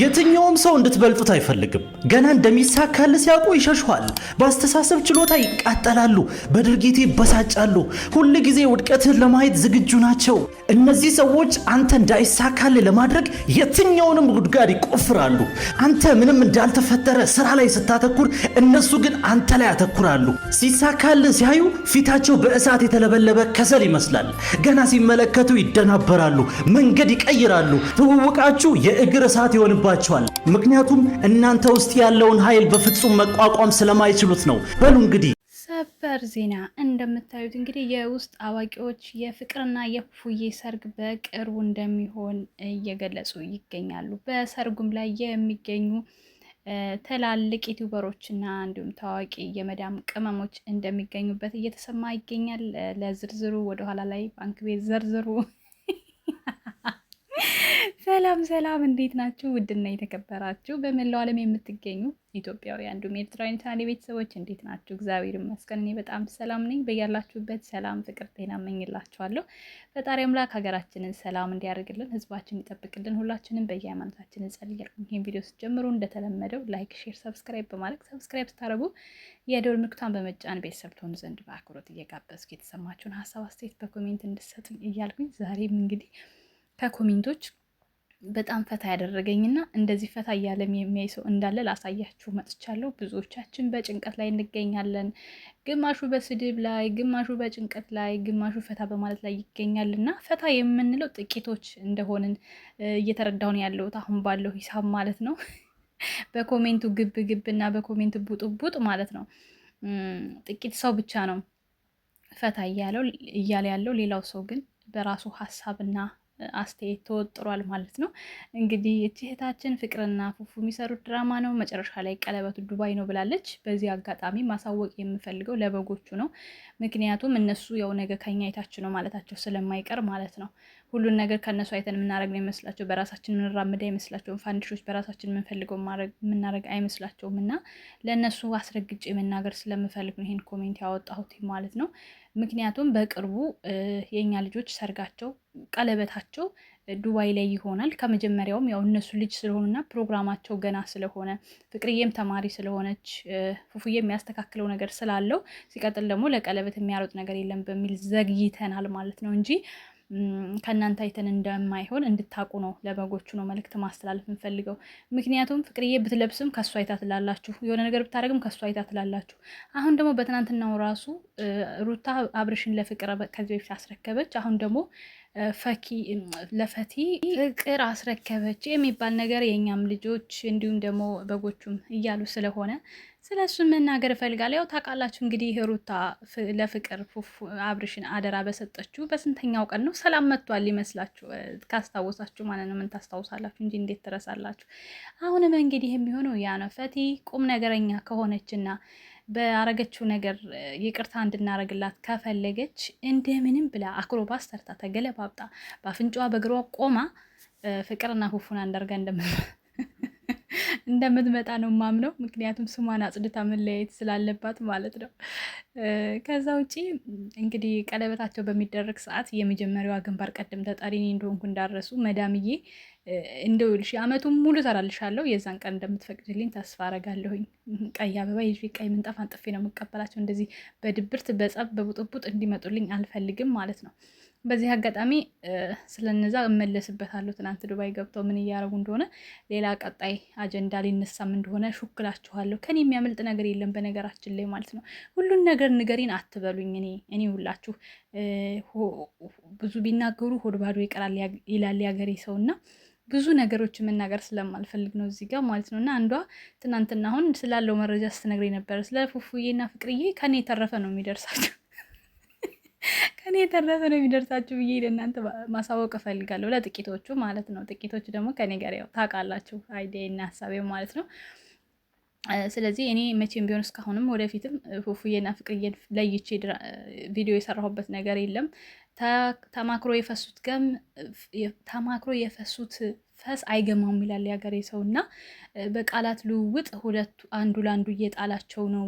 የትኛውም ሰው እንድትበልጡት አይፈልግም። ገና እንደሚሳካል ሲያውቁ ይሸሸዋል። በአስተሳሰብ ችሎታ ይቃጠላሉ፣ በድርጊት ይበሳጫሉ። ሁል ጊዜ ውድቀትን ለማየት ዝግጁ ናቸው። እነዚህ ሰዎች አንተ እንዳይሳካል ለማድረግ የትኛውንም ጉድጓድ ይቆፍራሉ። አንተ ምንም እንዳልተፈጠረ ስራ ላይ ስታተኩር፣ እነሱ ግን አንተ ላይ ያተኩራሉ። ሲሳካልን ሲያዩ ፊታቸው በእሳት የተለበለበ ከሰል ይመስላል። ገና ሲመለከቱ ይደናበራሉ፣ መንገድ ይቀይራሉ። ትውውቃችሁ የእግር እሳት ይሆንባቸዋል። ምክንያቱም እናንተ ውስጥ ያለውን ኃይል በፍጹም መቋቋም ስለማይችሉት ነው። በሉ እንግዲህ ሰበር ዜና እንደምታዩት እንግዲህ የውስጥ አዋቂዎች የፍቅርና የፉዬ ሰርግ በቅርቡ እንደሚሆን እየገለጹ ይገኛሉ። በሰርጉም ላይ የሚገኙ ትላልቅ ዩቲዩበሮችና እንዲሁም ታዋቂ የመዳም ቅመሞች እንደሚገኙበት እየተሰማ ይገኛል። ለዝርዝሩ ወደኋላ ላይ ባንክ ቤት ዘርዝሩ ሰላም ሰላም፣ እንዴት ናችሁ? ውድና የተከበራችሁ በመላው ዓለም የምትገኙ ኢትዮጵያውያን እንዲሁም ኤርትራውያን ቻናሌ ቤተሰቦች እንዴት ናችሁ? እግዚአብሔር ይመስገን እኔ በጣም ሰላም ነኝ። በያላችሁበት ሰላም፣ ፍቅር፣ ጤና እመኝላችኋለሁ። ፈጣሪ አምላክ ሀገራችንን ሰላም እንዲያደርግልን፣ ህዝባችን ይጠብቅልን። ሁላችንም በየሃይማኖታችን እንጸልያለን። ይህን ቪዲዮ ስትጀምሩ እንደተለመደው ላይክ፣ ሼር፣ ሰብስክራይብ በማድረግ ሰብስክራይብ ስታደርጉ የደወል ምልክቷን በመጫን ቤተሰብ ትሆኑ ዘንድ በአክብሮት እየጋበዝኩ የተሰማችሁን ሀሳብ አስተያየት በኮሜንት እንድሰጡኝ እያልኩኝ ዛሬም እንግዲህ ከኮሜንቶች በጣም ፈታ ያደረገኝና እንደዚህ ፈታ እያለም የሚያይ ሰው እንዳለ ላሳያችሁ መጥቻለሁ። ብዙዎቻችን በጭንቀት ላይ እንገኛለን። ግማሹ በስድብ ላይ፣ ግማሹ በጭንቀት ላይ፣ ግማሹ ፈታ በማለት ላይ ይገኛል እና ፈታ የምንለው ጥቂቶች እንደሆንን እየተረዳሁን ያለሁት አሁን ባለው ሂሳብ ማለት ነው። በኮሜንቱ ግብ ግብ እና በኮሜንቱ ቡጥ ቡጥ ማለት ነው። ጥቂት ሰው ብቻ ነው ፈታ እያለ ያለው ሌላው ሰው ግን በራሱ ሀሳብና አስተያየት ተወጥሯል ማለት ነው። እንግዲህ ይቺ እህታችን ፍቅርና ፉፉ የሚሰሩት ድራማ ነው። መጨረሻ ላይ ቀለበቱ ዱባይ ነው ብላለች። በዚህ አጋጣሚ ማሳወቅ የምፈልገው ለበጎቹ ነው። ምክንያቱም እነሱ ያው ነገ ከኛ የታች ነው ማለታቸው ስለማይቀር ማለት ነው። ሁሉን ነገር ከእነሱ አይተን የምናደረግ ነው ይመስላቸው። በራሳችን የምንራምድ አይመስላቸውም። ፋንዲሾች በራሳችን የምንፈልገው የምናደረግ አይመስላቸውም። እና ለእነሱ አስረግጬ መናገር ስለምፈልግ ነው ይሄን ኮሜንት ያወጣሁት ማለት ነው። ምክንያቱም በቅርቡ የእኛ ልጆች ሰርጋቸው፣ ቀለበታቸው ዱባይ ላይ ይሆናል። ከመጀመሪያውም ያው እነሱ ልጅ ስለሆኑና ፕሮግራማቸው ገና ስለሆነ ፍቅርዬም ተማሪ ስለሆነች ፉፉዬ የሚያስተካክለው ነገር ስላለው ሲቀጥል ደግሞ ለቀለበት የሚያሮጥ ነገር የለም በሚል ዘግይተናል ማለት ነው እንጂ ከእናንተ አይተን እንደማይሆን እንድታቁ ነው። ለበጎቹ ነው መልእክት ማስተላለፍ የምፈልገው። ምክንያቱም ፍቅርዬ ብትለብስም ከእሱ አይታ ትላላችሁ፣ የሆነ ነገር ብታደርግም ከእሱ አይታ ትላላችሁ። አሁን ደግሞ በትናንትናው ራሱ ሩታ አብርሽን ለፍቅር ከዚህ በፊት አስረከበች። አሁን ደግሞ ፈኪ ለፈቲ ፍቅር አስረከበች የሚባል ነገር የእኛም ልጆች እንዲሁም ደግሞ በጎቹም እያሉ ስለሆነ ስለ እሱ መናገር እፈልጋለሁ። ያው ታውቃላችሁ እንግዲህ ሩታ ለፍቅር ፉፍ አብርሽን አደራ በሰጠችው በስንተኛው ቀን ነው ሰላም መጥቷል ይመስላችሁ? ካስታወሳችሁ ማለት ነው። ምን ታስታውሳላችሁ እንጂ እንዴት ትረሳላችሁ? አሁንም እንግዲህ የሚሆነው ያ ነው። ፈቲ ቁም ነገረኛ ከሆነችና በአረገችው ነገር ይቅርታ እንድናረግላት ከፈለገች እንደምንም ብላ አክሮባስ ሰርታ ተገለባብጣ በአፍንጫዋ በእግሯ ቆማ ፍቅርና ፉፉን አንዳርጋ እንደምን እንደምትመጣ ነው ማምነው። ምክንያቱም ስሟን አጽድታ መለያየት ስላለባት ማለት ነው። ከዛ ውጪ እንግዲህ ቀለበታቸው በሚደረግ ሰዓት የመጀመሪያዋ ግንባር ቀደም ተጠሪ እኔ እንደሆንኩ እንዳረሱ መዳምዬ እንደው ይልሽ አመቱን ሙሉ ሰራልሻለሁ። የዛን ቀን እንደምትፈቅድልኝ ተስፋ አረጋለሁኝ። ቀይ አበባ ይዤ ቀይ ምንጣፍ አንጥፌ ነው የምቀበላቸው። እንደዚህ በድብርት በጸብ በቡጥቡጥ እንዲመጡልኝ አልፈልግም ማለት ነው። በዚህ አጋጣሚ ስለነዛ እመለስበታለሁ። ትናንት ዱባይ ገብተው ምን እያደረጉ እንደሆነ ሌላ ቀጣይ አጀንዳ ሊነሳም እንደሆነ ሹክላችኋለሁ። ከኔ የሚያመልጥ ነገር የለም። በነገራችን ላይ ማለት ነው ሁሉን ነገር ንገሪን አትበሉኝ። እኔ እኔ ሁላችሁ ብዙ ቢናገሩ ሆድ ባዶ ይቀራል ይላል ያገሬ ሰው እና ብዙ ነገሮች መናገር ስለማልፈልግ ነው እዚህ ጋር ማለት ነው። እና አንዷ ትናንትና አሁን ስላለው መረጃ ስትነግር ነበረ ስለ ፉፉዬና ፍቅርዬ ከኔ የተረፈ ነው የሚደርሳቸው እኔ የተረፈ ነው የሚደርሳችሁ ብዬ ለእናንተ ማሳወቅ እፈልጋለሁ፣ ለጥቂቶቹ ማለት ነው። ጥቂቶቹ ደግሞ ከኔ ጋር ያው ታውቃላችሁ አይዲያ እና ሀሳቤ ማለት ነው። ስለዚህ እኔ መቼም ቢሆን እስካሁንም ወደፊትም ፉፉዬና ፍቅርዬን ለይቼ ቪዲዮ የሰራሁበት ነገር የለም። ተማክሮ የፈሱት ገም ተማክሮ የፈሱት ፈስ አይገማም ይላል የሀገሬ ሰው እና በቃላት ልውውጥ ሁለቱ አንዱ ለአንዱ እየጣላቸው ነው።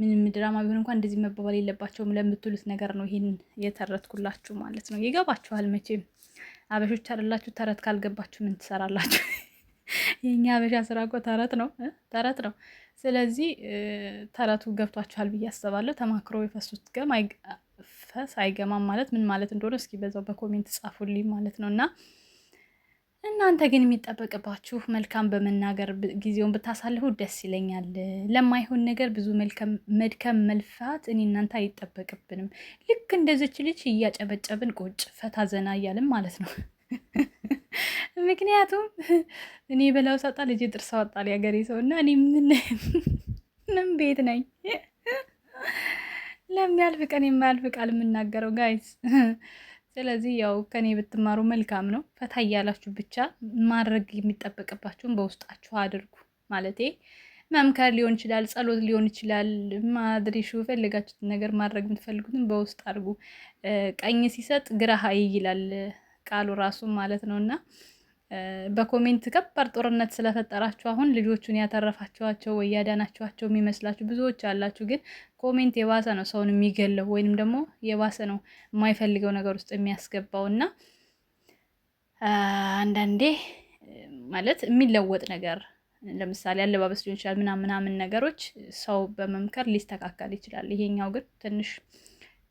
ምንም ድራማ ቢሆን እንኳን እንደዚህ መባባል የለባቸውም ለምትሉት ነገር ነው ይህን የተረትኩላችሁ ማለት ነው። ይገባችኋል መቼም አበሾች አይደላችሁ። ተረት ካልገባችሁ ምን ትሰራላችሁ? የኛ አበሻ ስራ እኮ ተረት ነው ተረት ነው። ስለዚህ ተረቱ ገብቷችኋል ብዬ አስባለሁ። ተማክሮ የፈሱት ገም ፈስ አይገማም ማለት ምን ማለት እንደሆነ እስኪ በዛው በኮሜንት ጻፉልኝ ማለት ነው እና እናንተ ግን የሚጠበቅባችሁ መልካም በመናገር ጊዜውን ብታሳልፉ ደስ ይለኛል። ለማይሆን ነገር ብዙ መድከም መልፋት እኔ እናንተ አይጠበቅብንም። ልክ እንደዚች ልጅ እያጨበጨብን ቁጭ ፈታ ዘና እያልን ማለት ነው። ምክንያቱም እኔ በላው ሳጣ ልጅ ጥርስ አወጣል ያገሬ ሰው እና እኔ ምን ምንም ቤት ነኝ ለሚያልፍ ቀን የማያልፍ ቃል የምናገረው ጋይስ ስለዚህ ያው ከኔ ብትማሩ መልካም ነው። ፈታ እያላችሁ ብቻ ማድረግ የሚጠበቅባችሁን በውስጣችሁ አድርጉ። ማለቴ መምከር ሊሆን ይችላል፣ ጸሎት ሊሆን ይችላል። ማድሪሹ የፈለጋችሁትን ነገር ማድረግ የምትፈልጉትን በውስጥ አድርጉ። ቀኝ ሲሰጥ ግራ ሀይ ይላል ቃሉ ራሱ ማለት ነው እና በኮሜንት ከባድ ጦርነት ስለፈጠራችሁ አሁን ልጆቹን ያተረፋችኋቸው ወይ ያዳናችኋቸው የሚመስላችሁ ብዙዎች አላችሁ። ግን ኮሜንት የባሰ ነው ሰውን የሚገለው ወይንም ደግሞ የባሰ ነው የማይፈልገው ነገር ውስጥ የሚያስገባው እና አንዳንዴ ማለት የሚለወጥ ነገር ለምሳሌ አለባበስ ሊሆን ይችላል ምናምን ምናምን ነገሮች ሰው በመምከር ሊስተካከል ይችላል። ይሄኛው ግን ትንሽ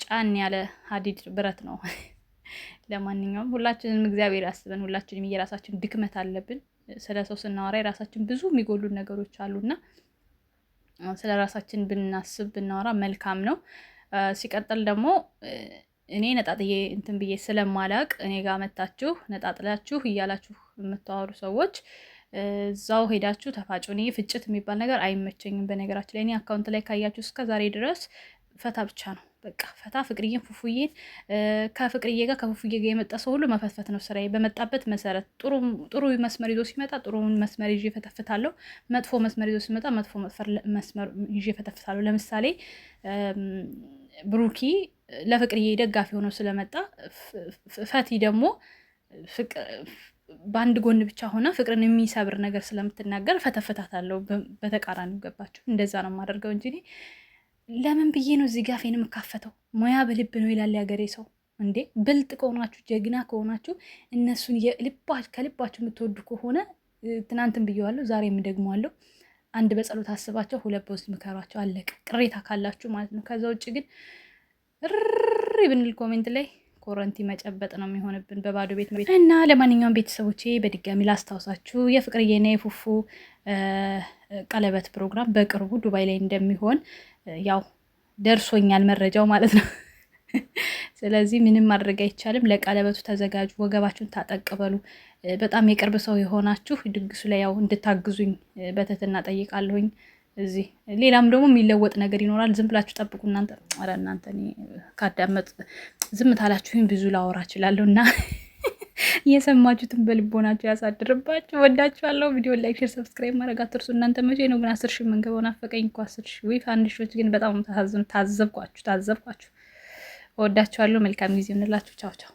ጫን ያለ ሀዲድ ብረት ነው። ለማንኛውም ሁላችንም እግዚአብሔር ያስበን። ሁላችንም የራሳችን ድክመት አለብን። ስለ ሰው ስናወራ የራሳችን ብዙ የሚጎሉን ነገሮች አሉና ስለ ራሳችን ብናስብ ብናወራ መልካም ነው። ሲቀጥል ደግሞ እኔ ነጣጥዬ እንትን ብዬ ስለማላቅ እኔ ጋር መታችሁ ነጣጥላችሁ እያላችሁ የምታወሩ ሰዎች እዛው ሄዳችሁ ተፋጩ። እኔ ፍጭት የሚባል ነገር አይመቸኝም። በነገራችን ላይ እኔ አካውንት ላይ ካያችሁ እስከ ዛሬ ድረስ ፈታ ብቻ ነው በቃ ፈታ ፍቅርዬን ፉፉዬን ከፍቅርዬ ጋር ከፉፉዬ ጋር የመጣ ሰው ሁሉ መፈትፈት ነው ስራዬ። በመጣበት መሰረት ጥሩ መስመር ይዞ ሲመጣ ጥሩውን መስመር ይዤ ፈተፍታለሁ። መጥፎ መስመር ይዞ ሲመጣ መጥፎ መስመር ይዤ ፈተፍታለሁ። ለምሳሌ ብሩኪ ለፍቅርዬ ደጋፊ ሆኖ ስለመጣ ፈቲ ደግሞ በአንድ ጎን ብቻ ሆነ ፍቅርን የሚሰብር ነገር ስለምትናገር ፈተፍታታለሁ። በተቃራኒ ገባችሁ? እንደዛ ነው የማደርገው እንጂ ለምን ብዬ ነው እዚህ ጋፌን የምካፈተው? ሙያ በልብ ነው ይላል ያገሬ ሰው። እንዴ ብልጥ ከሆናችሁ ጀግና ከሆናችሁ እነሱን ከልባችሁ የምትወዱ ከሆነ ትናንትን ብየዋለሁ፣ ዛሬም ደግመዋለሁ። አንድ በጸሎት አስባቸው፣ ሁለት በውስጥ ምከሯቸው። አለቀ። ቅሬታ ካላችሁ ማለት ነው። ከዛ ውጭ ግን ሪ ብንል ኮሜንት ላይ ኮረንቲ መጨበጥ ነው የሚሆንብን በባዶ ቤት ቤት እና ለማንኛውም ቤተሰቦቼ በድጋሚ ላስታውሳችሁ የፍቅርዬና የፉፉ ቀለበት ፕሮግራም በቅርቡ ዱባይ ላይ እንደሚሆን ያው ደርሶኛል መረጃው ማለት ነው። ስለዚህ ምንም ማድረግ አይቻልም። ለቀለበቱ ተዘጋጁ፣ ወገባችሁን ታጠቅበሉ በጣም የቅርብ ሰው የሆናችሁ ድግሱ ላይ ያው እንድታግዙኝ በትህትና ጠይቃለሁኝ። እዚህ ሌላም ደግሞ የሚለወጥ ነገር ይኖራል። ዝም ብላችሁ ጠብቁ። እናንተ ኧረ እናንተ ካዳመጥ ዝም ታላችሁኝ ብዙ ላወራ እችላለሁ እና የሰማችሁትን በልቦናችሁ ያሳድርባችሁ። ወዳችኋለሁ። ቪዲዮ ላይክ፣ ሼር፣ ሰብስክራይብ ማድረግ አትርሱ። እናንተ መቼ ነው ግን አስር ሺ የምንገባው? ናፈቀኝ እኮ አስር ሺ ወይ አንድ ሺዎች ግን በጣም ታዘብኳችሁ፣ ታዘብኳችሁ። ወዳችኋለሁ። መልካም ጊዜ እንላችሁ። ቻው ቻው።